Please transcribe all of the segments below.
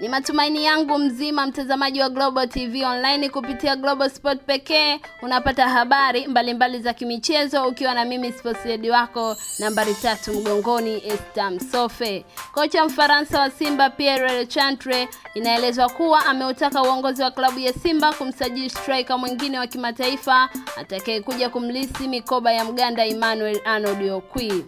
Ni matumaini yangu mzima mtazamaji wa Global TV Online, kupitia Global Sport pekee unapata habari mbalimbali mbali za kimichezo, ukiwa na mimi sports lady wako nambari tatu mgongoni Esther Msofe. Kocha Mfaransa wa Simba Pierre Lechantre inaelezwa kuwa ameutaka uongozi wa klabu ya Simba kumsajili striker mwingine wa kimataifa atakayekuja kumlisi mikoba ya Mganda Emmanuel Arnold Okwi.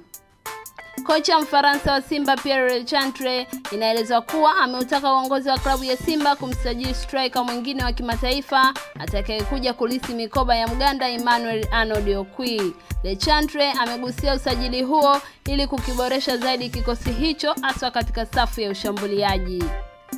Kocha Mfaransa wa Simba Pierre Lechantre inaelezwa kuwa ameutaka uongozi wa klabu ya Simba kumsajili striker mwingine wa kimataifa atakayekuja kulisi mikoba ya Mganda Emmanuel Arnold Okwi. Lechantre amegusia usajili huo ili kukiboresha zaidi kikosi hicho haswa katika safu ya ushambuliaji.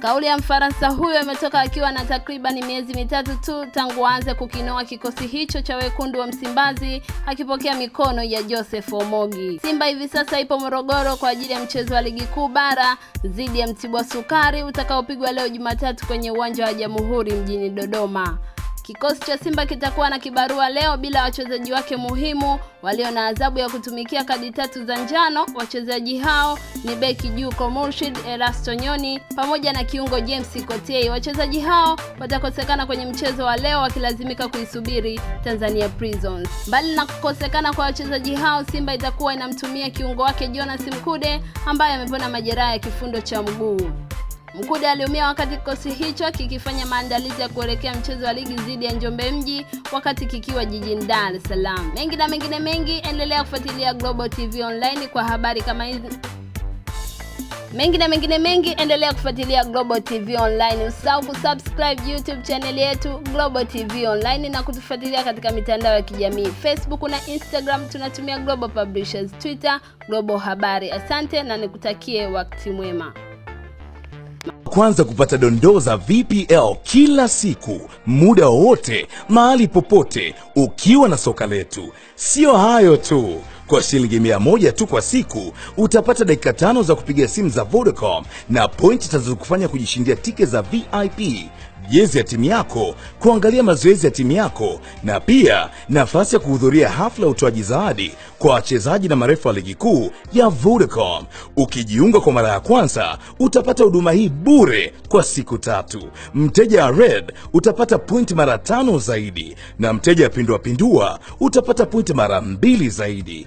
Kauli ya Mfaransa huyo imetoka akiwa na takriban miezi mitatu tu tangu aanze kukinoa kikosi hicho cha wekundu wa Msimbazi akipokea mikono ya Joseph Omogi. Simba hivi sasa ipo Morogoro kwa ajili ya mchezo wa ligi kuu bara dhidi ya Mtibwa Sukari utakaopigwa leo Jumatatu kwenye uwanja wa Jamhuri mjini Dodoma. Kikosi cha Simba kitakuwa na kibarua leo bila wachezaji wake muhimu walio na adhabu ya kutumikia kadi tatu za njano. Wachezaji hao ni beki Juko Murshid, Erasto Nyoni pamoja na kiungo James Kotei. Wachezaji hao watakosekana kwenye mchezo wa leo wakilazimika kuisubiri Tanzania Prisons. Mbali na kukosekana kwa wachezaji hao, Simba itakuwa inamtumia kiungo wake Jonas Mkude ambaye amepona majeraha ya kifundo cha mguu. Mkude aliumia wakati kikosi hicho kikifanya maandalizi ya kuelekea mchezo wa ligi dhidi ya Njombe Mji wakati kikiwa jijini Dar es Salaam. Mengi na mengine mengi, endelea kufuatilia Global TV Online kwa habari kama hizi mengi na mengine mengi, endelea kufuatilia Global TV Online. Usisahau kusubscribe YouTube chaneli yetu Global TV Online na kutufuatilia katika mitandao ya kijamii Facebook na Instagram, tunatumia Global Publishers, Twitter Global Habari. Asante na nikutakie wakati mwema kwanza kupata dondoo za VPL kila siku, muda wowote, mahali popote, ukiwa na soka letu. Sio hayo tu kwa shilingi mia moja tu kwa siku utapata dakika tano za kupiga simu za Vodacom na pointi zitazokufanya kujishindia tike za VIP, jezi ya timu yako, kuangalia mazoezi ya timu yako na pia nafasi ya kuhudhuria hafla ya utoaji zawadi kwa wachezaji na marefu wa ligi kuu ya Vodacom. Ukijiunga kwa mara ya kwanza utapata huduma hii bure kwa siku tatu. Mteja wa Red utapata point mara tano zaidi, na mteja wa Pindua Pindua utapata point mara mbili zaidi.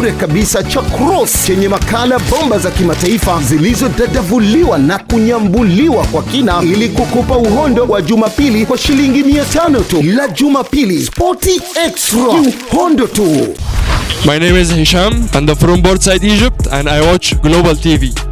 bure kabisa cha Cross chenye makala bomba za kimataifa zilizodadavuliwa na kunyambuliwa kwa kina ili kukupa uhondo wa Jumapili kwa shilingi mia tano tu. La Jumapili Sporty Extra, uhondo tu. My name is Hisham and I'm from Port Said Egypt and I watch Global TV.